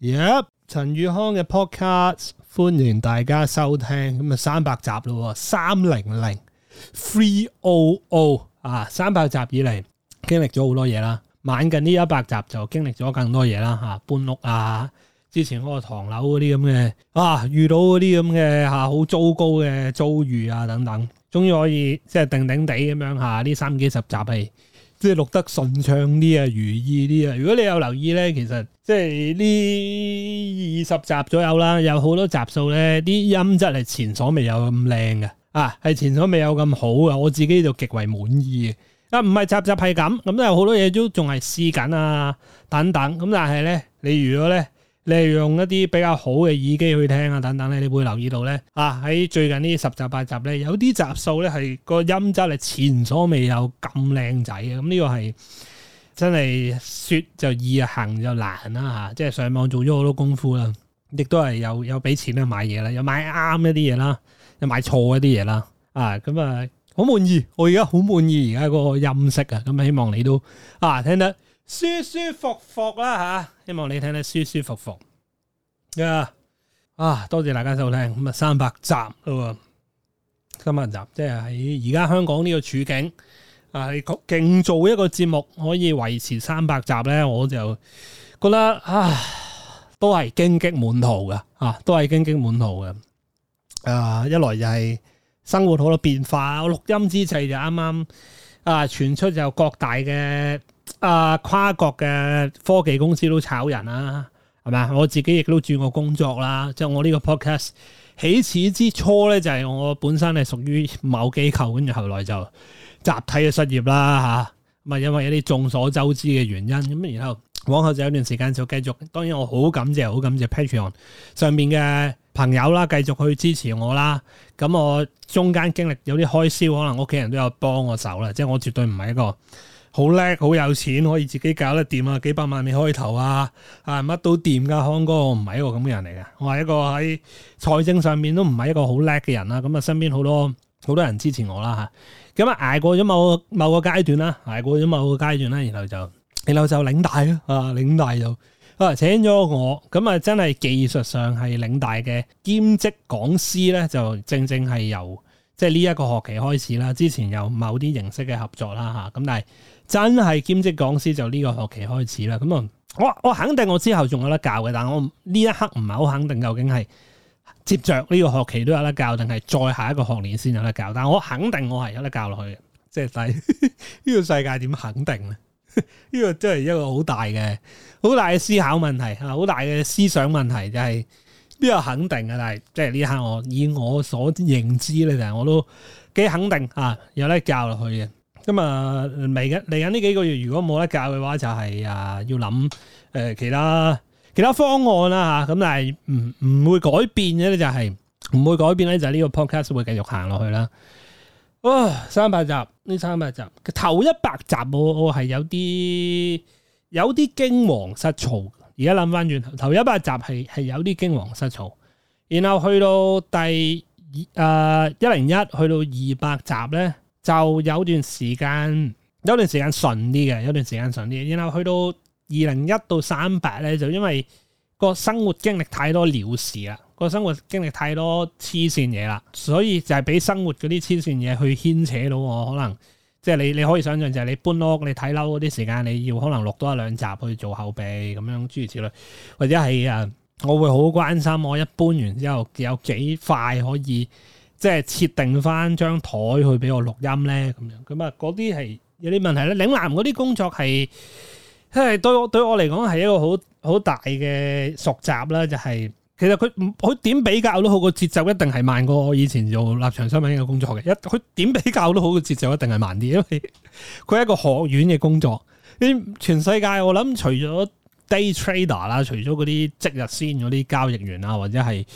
耶！陳宇康嘅 podcast，歡迎大家收聽。咁啊，三百集咯，三零零 three o o 啊，三百集以嚟經歷咗好多嘢啦。晚近呢一百集就經歷咗更多嘢啦。吓，搬屋啊，之前嗰個唐樓嗰啲咁嘅啊，遇到嗰啲咁嘅吓，好糟糕嘅遭遇啊等等，終於可以即係定定地咁樣吓呢三幾十集係。即係錄得順暢啲啊，如意啲啊！如果你有留意咧，其實即係呢二十集左右啦，有好多集數咧，啲音質係前所未有咁靚嘅，啊，係前所未有咁好嘅，我自己就極為滿意啊，唔係集集係咁，咁都有好多嘢都仲係試緊啊，等等。咁但係咧，你如果咧，你係用一啲比較好嘅耳機去聽啊，等等咧，你會留意到咧啊！喺最近呢十集八集咧，有啲集數咧係個音質係前所未有咁靚仔嘅，咁、嗯、呢個係真係説就易行就難啦嚇、啊！即係上網做咗好多功夫啦，亦都係有有俾錢去買嘢啦，有買啱一啲嘢啦，有買，買錯一啲嘢啦，啊咁啊好滿意！我而家好滿意而家個音色啊，咁、嗯、希望你都啊聽得舒舒服服啦吓、啊，希望你聽得舒舒服服啊！Yeah, 啊，多謝大家收聽，咁啊三百集咯，三百集，即係喺而家香港呢個處境，係、啊、勁做一個節目可以維持三百集咧，我就覺得啊，都係荊棘滿途嘅，啊，都係荊棘滿途嘅。誒、啊啊，一來就係生活好多變化，錄音之際就啱啱啊傳出就各大嘅。啊，跨國嘅科技公司都炒人啦，係咪我自己亦都轉過工作啦，即係我呢個 podcast 起始之初咧，就係我本身係屬於某機構，跟住後來就集體嘅失業啦，吓、啊，咪因為一啲眾所周知嘅原因咁。然後往後就有段時間就繼續，當然我好感謝，好感謝 Patreon 上面嘅朋友啦，繼續去支持我啦。咁我中間經歷有啲開銷，可能屋企人都有幫我手啦，即係我絕對唔係一個。好叻，好有錢，可以自己搞得掂啊！幾百萬未開頭啊，啊乜都掂噶，康哥，我唔係一個咁嘅人嚟嘅，我係一個喺財政上面都唔係一個好叻嘅人啦。咁啊，身邊好多好多人支持我啦嚇。咁啊，捱過咗某某個階段啦，捱過咗某個階段啦，然後就然後就嶺大咯啊，嶺大就啊請咗我，咁、嗯、啊真係技術上係嶺大嘅兼職講師咧，就正正係由。即係呢一個學期開始啦，之前有某啲形式嘅合作啦，吓，咁但係真係兼職講師就呢個學期開始啦。咁啊，我我肯定我之後仲有得教嘅，但係我呢一刻唔係好肯定究竟係接着呢個學期都有得教，定係再下一個學年先有得教？但係我肯定我係有得教落去嘅。即係細呢個世界點肯定咧？呢 個真係一個好大嘅好大嘅思考問題啊！好大嘅思想問題就係、是。邊有肯定啊？但係即係呢刻我以我所認知咧，就係我都幾肯定啊。有得教落去嘅，咁啊，嚟緊嚟緊呢幾個月，如果冇得教嘅話，就、係、是，啊要諗誒、呃、其他其他方案啦吓。咁、啊、但係唔唔會改變嘅，就、係、是、唔會改變咧，就係、是、呢個 podcast 會繼續行落去啦。哇，三百集呢，三百集，頭一百集我我係有啲有啲驚惶失措。而家諗翻轉頭，頭一百集係係有啲驚惶失措，然後去到第二誒一零一去到二百集咧，就有段時間有段時間順啲嘅，有段時間順啲，然後去到二零一到三百咧，就因為個生活經歷太多鳥事啦，個生活經歷太多黐線嘢啦，所以就係俾生活嗰啲黐線嘢去牽扯到我可能。即係你你可以想象就係你搬屋，你睇樓嗰啲時間，你要可能錄多一兩集去做後備咁樣諸如此類，或者係啊，我會好關心我一搬完之後有幾快可以即係設定翻張台去俾我錄音咧咁樣咁啊，嗰啲係有啲問題咧，嶺南嗰啲工作係係對我對我嚟講係一個好好大嘅熟習啦，就係、是。其實佢唔，佢點比較都好，個節奏一定係慢過我以前做立場新聞嘅工作嘅。一佢點比較都好，個節奏一定係慢啲，因為佢係一個學院嘅工作。你全世界我諗，除咗 day trader 啦，除咗嗰啲即日先嗰啲交易員啊，或者係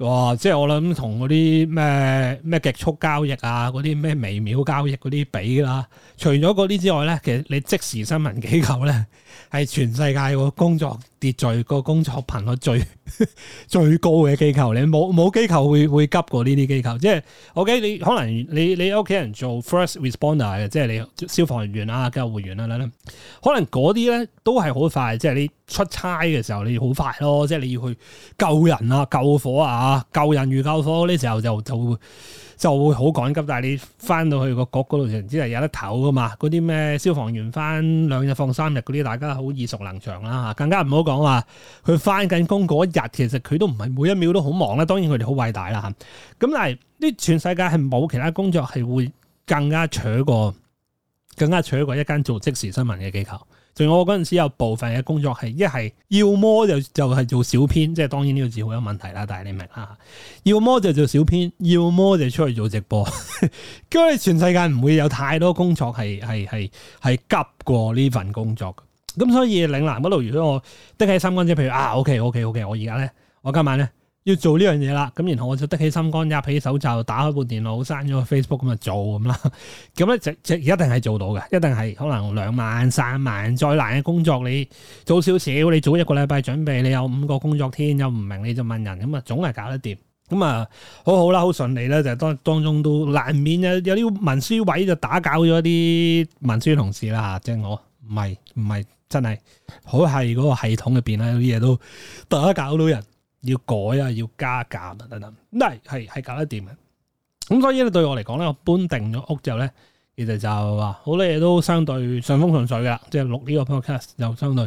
哇，即係我諗同嗰啲咩咩極速交易啊，嗰啲咩微秒交易嗰啲比啦。除咗嗰啲之外咧，其實你即時新聞機構咧，係全世界個工作秩序個工作頻率最。 最高嘅機構，你冇冇機構會會急過呢啲機構？即係 OK，你可能你你屋企人做 first responder 嘅，即係你消防員啊、救護員啊可能嗰啲咧，都係好快。即係你出差嘅時候，你好快咯，即係你要去救人啊、救火啊、救人如救火呢時候就就就會好趕急。但係你翻到去個局嗰度，人知係有得唞噶嘛？嗰啲咩消防員翻兩日放三日嗰啲，大家好耳熟能詳啦吓。更加唔好講話，佢翻緊工嗰。其實佢都唔係每一秒都好忙啦，當然佢哋好偉大啦吓。咁但係啲全世界係冇其他工作係會更加取過，更加取過一間做即時新聞嘅機構。仲有我嗰陣時有部分嘅工作係一係要麼就就係做小編，即係當然呢個字好有問題啦，但係你明啦，要麼就做小編，要麼就出去做直播。咁啊，全世界唔會有太多工作係係係係急過呢份工作。咁所以嶺南嗰度，如果我的起心肝，即係譬如啊，OK，OK，OK，OK, OK, OK, 我而家咧，我今晚咧要做呢樣嘢啦。咁然後我就的起心肝，壓起手就打開部電腦，刪咗 Facebook 咁就做咁啦。咁咧就一定係做到嘅，一定係可能兩萬、三萬再難嘅工作，你做少少，你早一個禮拜準備，你有五個工作天，又唔明你就問人，咁啊總係搞得掂。咁啊好好啦，好順利啦，就係，當，當中都難免有啲文書位就打攪咗啲文書同事啦。即係我唔係唔係。真係好係嗰個系統入邊咧，啲嘢都得一，搞到人要改啊，要加價啊等等，咁係係係搞得掂嘅。咁所以咧，對我嚟講咧，我搬定咗屋之後咧，其實就話好多嘢都相對順風順水噶，即係錄呢個 podcast 就相對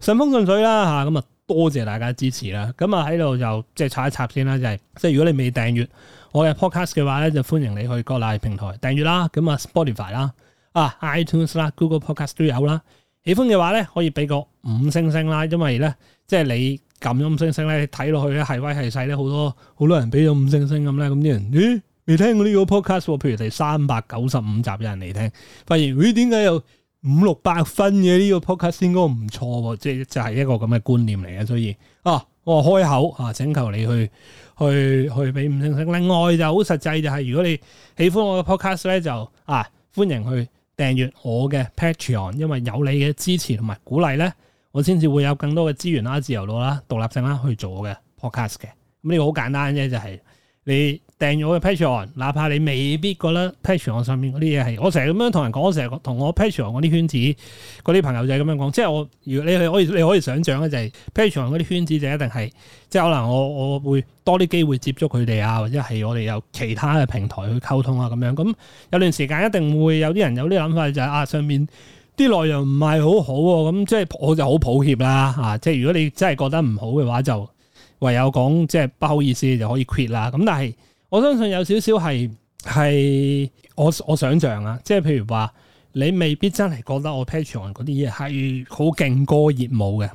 順風順水啦吓。咁啊，多謝大家支持啦。咁啊喺度就即係插一插先啦，就係即係如果你未訂閱我嘅 podcast 嘅話咧，就歡迎你去各大平台訂閱啦。咁啊，Spotify 啦、啊 iTunes 啦、Google Podcast 都有啦。喜歡嘅話咧，可以俾個五星星啦，因為咧，即係你撳咗五星星咧，睇落去咧係威係勢咧，好多好多人俾咗五星星咁咧，咁啲人咦？未聽過我呢個 podcast 譬如第三百九十五集有人嚟聽，發現咦？點解有五六百分嘅呢個 podcast 先該唔錯，即係就係一個咁嘅觀念嚟嘅，所以啊，我開口啊，請求你去去去俾五星星。另外就好實際就係，如果你喜歡我嘅 podcast 咧，就啊歡迎去。訂閱我嘅 Patreon，因為有你嘅支持同埋鼓勵咧，我先至會有更多嘅資源啦、自由度啦、獨立性啦去做我嘅 podcast 嘅。咁呢個好簡單啫，就係你。訂咗嘅 Patreon，哪怕你未必覺得 Patreon 上面嗰啲嘢係，我成日咁樣同人講，我成日同我 Patreon 嗰啲圈子嗰啲朋友仔咁樣講，即係我，如果你可以你可以想像咧、就是， 就係 Patreon 嗰啲圈子就一定係，即係可能我我會多啲機會接觸佢哋啊，或者係我哋有其他嘅平台去溝通啊咁樣。咁有段時間一定會有啲人有啲諗法就係、是、啊，上面啲內容唔係好好、啊、喎，咁即係我就好抱歉啦、啊、即係如果你真係覺得唔好嘅話，就唯有講即係不好意思就可以 quit 啦。咁但係。我相信有少少係係我我想象啊，即係譬如話你未必真係覺得我 patreon 嗰啲嘢係好勁歌熱舞嘅，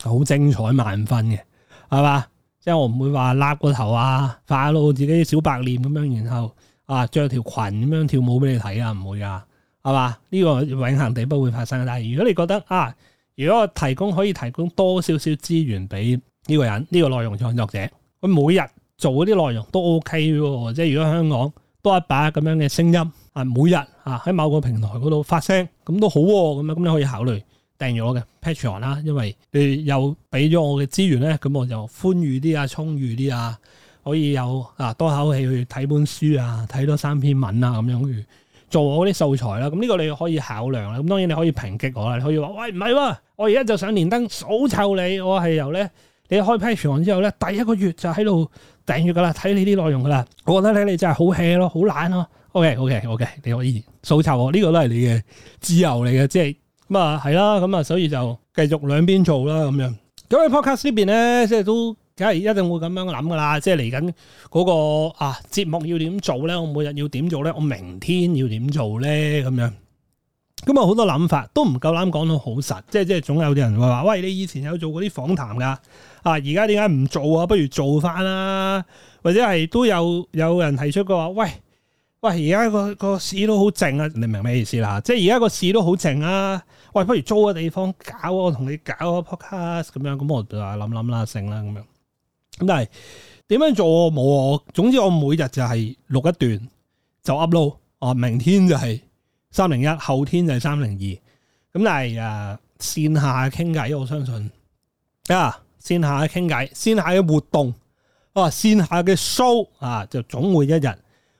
好精彩萬分嘅，係嘛？即係我唔會話甩個頭啊，化露自己小白臉咁樣，然後啊着條裙咁樣跳舞俾你睇啊，唔會噶，係嘛？呢個永恆地不會發生。但係如果你覺得啊，如果我提供可以提供多少少資源俾呢個人呢個內容創作者，我每日。做嗰啲內容都 OK 喎，即係如果香港多一把咁樣嘅聲音，啊每日啊喺某個平台嗰度發聲，咁都好喎、啊，咁咁你可以考慮訂閱我嘅 Patreon 啦，因為你又俾咗我嘅資源咧，咁我就寬裕啲啊，充裕啲啊，可以有啊多口氣去睇本書啊，睇多三篇文啊咁樣去做我啲素材啦。咁呢個你可以考量啦。咁當然你可以抨擊我啦，你可以話，喂，唔係喎，我而家就想連登數臭你，我係由咧。你開 Patreon 之後咧，第一個月就喺度訂閱噶啦，睇你啲內容噶啦。我覺得咧，你真係好 hea 咯，好懶咯。OK，OK，OK，okay, okay, okay, 你好，意見，訴求，呢個都係你嘅自由嚟嘅，即係咁啊，係、嗯、啦。咁啊，所以就繼續兩邊做啦，咁樣。咁喺 Podcast 邊呢邊咧，即係都梗係一定會咁樣諗噶啦，即係嚟緊嗰個啊節目要點做咧？我每日要點做咧？我明天要點做咧？咁樣咁啊，好多諗法都唔夠膽講到好實，即係即係總有啲人會話：喂，你以前有做過嗰啲訪談噶？啊！而家點解唔做啊？不如做翻啦、啊，或者係都有有人提出過話：喂喂，而家個個市都好靜啊！你明唔明咩意思啦？即係而家個市都好靜啊，喂，不如租個地方搞、啊、我同你搞個 podcast 咁樣，咁我啊諗諗啦，成啦咁樣。咁、啊啊、但係點樣做冇。我總之我每日就係錄一段就 upload。啊，明天就係三零一，後天就係三零二。咁但係誒、啊、線下嘅傾偈，我相信啊。線下嘅傾偈，線下嘅活動，哇、啊！線下嘅 show 啊，就總會一日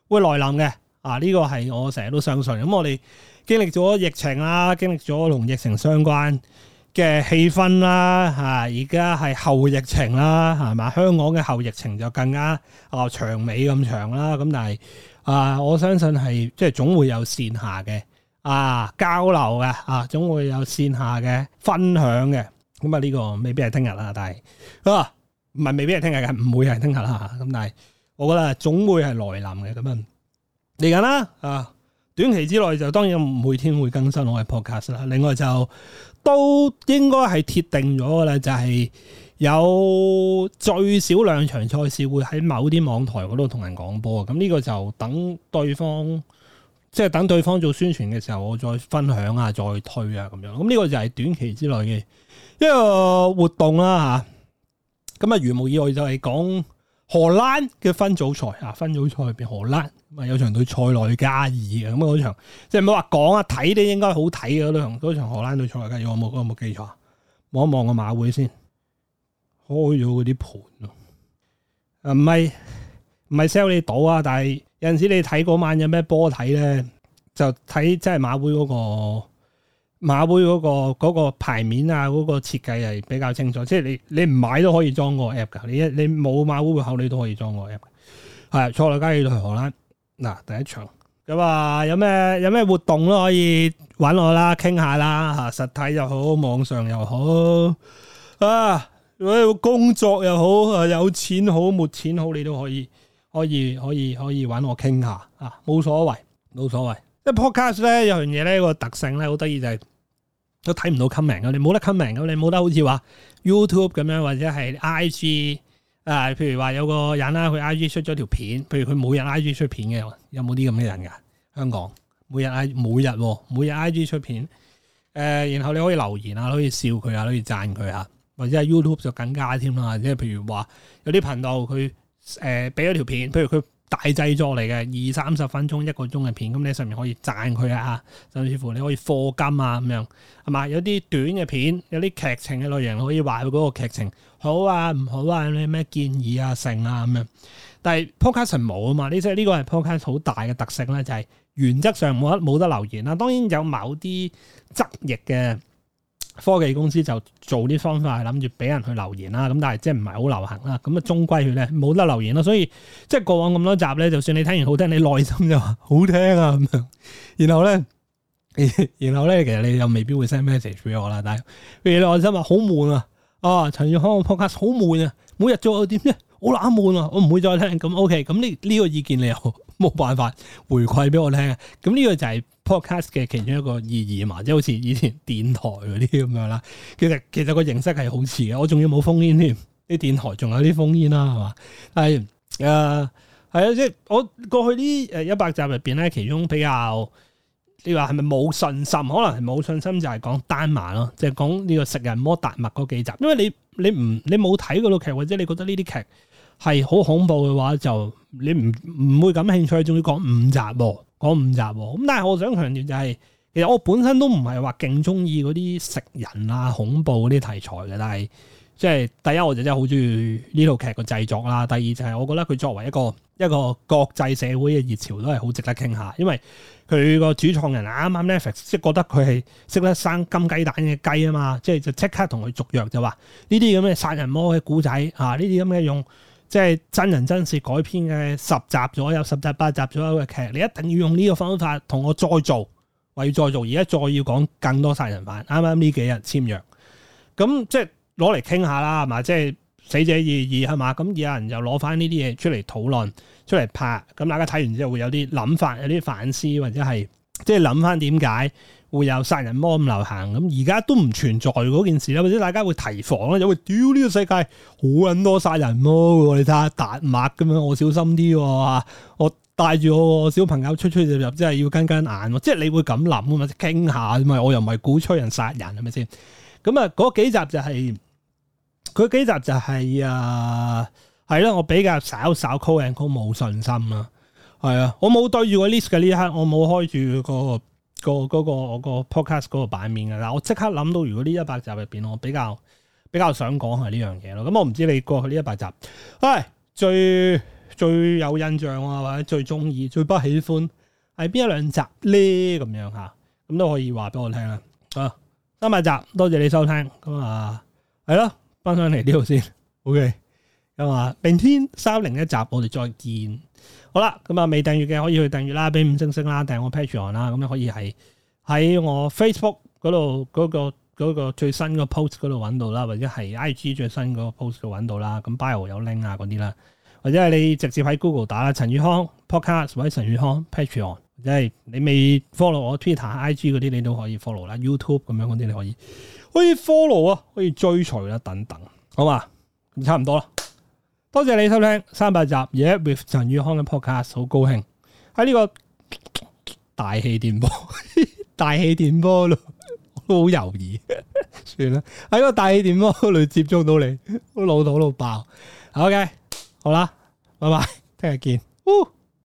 會來臨嘅。啊，呢、呢個係我成日都相信。咁、啊、我哋經歷咗疫情啦、啊，經歷咗同疫情相關嘅氣氛啦，嚇、啊！而家係後疫情啦，係、啊、嘛？香港嘅後疫情就更加啊那麼長尾咁長啦。咁但係啊，我相信係即係總會有線下嘅啊交流嘅啊，總會有線下嘅分享嘅。咁啊，呢個未必係聽日啦，但係啊，唔係未必係聽日嘅，唔會係聽日啦。咁但係，我覺得總會係來臨嘅。咁樣嚟緊啦，啊，短期之內就當然每天會更新我嘅 podcast 啦。另外就都應該係鐵定咗嘅啦，就係有最少兩場賽事會喺某啲網台嗰度同人講波。咁呢個就等對方。即係等對方做宣傳嘅時候，我再分享啊，再推啊，咁樣咁呢、嗯這個就係短期之內嘅一個活動啦、啊、吓。咁啊，如無意外就係講荷蘭嘅分組賽啊，分組賽入面荷蘭，咁啊有場對塞內加爾嘅咁嗰場，即係唔好話講啊，睇咧應該好睇嘅嗰場，嗰場荷蘭對塞內加爾，我冇我冇記錯，望一望個馬會先，開咗嗰啲盤啊，唔係唔係 sell 你賭啊，但係。有陣時你睇嗰晚有咩波睇咧，就睇即係馬會嗰個馬會嗰個嗰個牌面啊，嗰個設計係比較清楚。即係你你唔買都可以裝個 app 噶，你一你冇馬會戶口你都可以裝個 app，係錯落加去荷蘭嗱第一場咁啊，有咩有咩活動都可以搵我啦，傾下啦吓，實體又好，網上又好啊，如果工作又好啊，有錢好，沒錢好，你都可以。可以可以可以揾我傾下啊！冇所謂冇所謂，因為 Podcast 咧有樣嘢咧個特性咧好得意就係、是、都睇唔到 comment 嘅，你冇得 comment 咁，你冇得好似話 YouTube 咁樣或者係 IG 啊，譬如話有個人啦，佢 IG 出咗條片，譬如佢每日 IG 出片嘅，有冇啲咁嘅人噶？香港每日 I 每日、啊、每日、啊、IG 出片，誒、呃，然後你可以留言啊，可以笑佢啊，可以讚佢啊，或者係 YouTube 就更加添啦，即係譬如話有啲頻道佢。誒俾咗條片，譬如佢大製作嚟嘅二三十分鐘一個鐘嘅片，咁你上面可以讚佢啊，甚至乎你可以課金啊咁樣係嘛？有啲短嘅片，有啲劇情嘅內容可以話佢嗰個劇情好啊，唔好啊，你咩建議啊、剩啊咁樣。但係 Podcast 冇啊嘛，呢即係呢個係、這個、Podcast 好大嘅特色咧，就係、是、原則上冇得冇得留言啦、啊。當然有某啲質疑嘅。科技公司就做啲方法，諗住俾人去留言啦。咁但係即係唔係好流行啦。咁啊終歸佢咧冇得留言啦。所以即係過往咁多集咧，就算你聽完好聽，你內心就話好聽啊咁樣。然後咧，然後咧，其實你又未必會 send message 俾我啦。但係譬如你內心話好悶啊，啊，陳耀康 podcast 好悶啊，每日做到點呢？好冷悶啊，我唔會再聽咁。OK，咁呢呢個意見你又？冇辦法回饋俾我聽，咁呢個就係 podcast 嘅其中一個意義嘛，即係好似以前電台嗰啲咁樣啦。其實其實個形式係好似嘅，我仲要冇封煙添，啲電台仲有啲封煙啦，係嘛？係誒係啊，即係我過去呢誒一百集入面咧，其中比較你話係咪冇信心？可能係冇信心，就係講丹馬咯，即係講呢個食人魔達麥嗰幾集，因為你你唔你冇睇嗰套劇，或者你覺得呢啲劇。係好恐怖嘅話，就你唔唔會感興趣，仲要講五集喎，講五集喎。咁但係我想強調就係，其實我本身都唔係話勁中意嗰啲食人啊恐怖嗰啲題材嘅，但係即係第一我就真係好中意呢套劇嘅製作啦。第二就係我覺得佢作為一個一個國際社會嘅熱潮都係好值得傾下，因為佢個主創人啱啱 Netflix 即係覺得佢係識得生金雞蛋嘅雞啊嘛，即係就即刻同佢續約就話呢啲咁嘅殺人魔嘅古仔啊呢啲咁嘅用。即係真人真事改編嘅十集左右、十集八集左右嘅劇，你一定要用呢個方法同我再做，我要再做，而家再要講更多殺人犯，啱啱呢幾日簽約，咁即係攞嚟傾下啦，係嘛？即係死者意義係嘛？咁有人又攞翻呢啲嘢出嚟討論，出嚟拍，咁大家睇完之後會有啲諗法，有啲反思，或者係即係諗翻點解？會有殺人魔咁流行咁，而家都唔存在嗰件事啦，或者大家會提防咧，就會屌呢、呃呢個世界好捻多殺人魔嘅，你睇下大麥咁樣，我小心啲，我帶住我個小朋友出出入入，真係要跟跟眼，即係你會咁諗啊嘛，傾下嘛，我又唔係鼓吹人殺人係咪先？咁啊，嗰幾集就係、是、嗰幾集就係、是、啊，係啦，我比較少少 call n call 冇信心啦，係啊，我冇對住個 list 嘅呢一刻，我冇開住、那個。那個嗰、那個我、那個 podcast 嗰個版面嘅，啦我即刻諗到，如果呢一百集入邊，我比較比較想講係呢樣嘢咯。咁我唔知你過去呢一百集，唉，最最有印象啊，或者最中意、最不喜歡係邊一兩集咧？咁樣吓，咁都可以話俾我聽啊！三百集，多謝你收聽。咁、嗯、啊、係、嗯、咯，分享嚟呢度先。OK，咁、嗯、啊、嗯，明天三零一集，我哋再見。好啦，咁啊未訂閱嘅可以去訂閱啦，俾五星星啦，訂我 patreon 啦，咁樣可以係喺我 facebook 嗰度嗰個、嗰個最新個 post 嗰度揾到啦，或者係 ig 最新嗰個 post 度揾到啦，咁 bio 有 link 啊嗰啲啦，或者係你直接喺 google 打陳宇康 podcast 或者陳宇康 patreon，即係你未 follow 我 twitter ig 嗰啲你都可以 follow 啦，youtube 咁樣嗰啲你可以可以 follow 啊，可以追隨啦、啊，等等，好嘛，差唔多啦。多謝你收聽三百集嘢，yeah，with 陳宇康嘅 podcast，好高興喺呢個大氣電波，大氣電波咯，都好猶豫，算啦，喺個大氣電波裏接觸到你，都老土到爆，OK，好啦，拜拜，聽日見。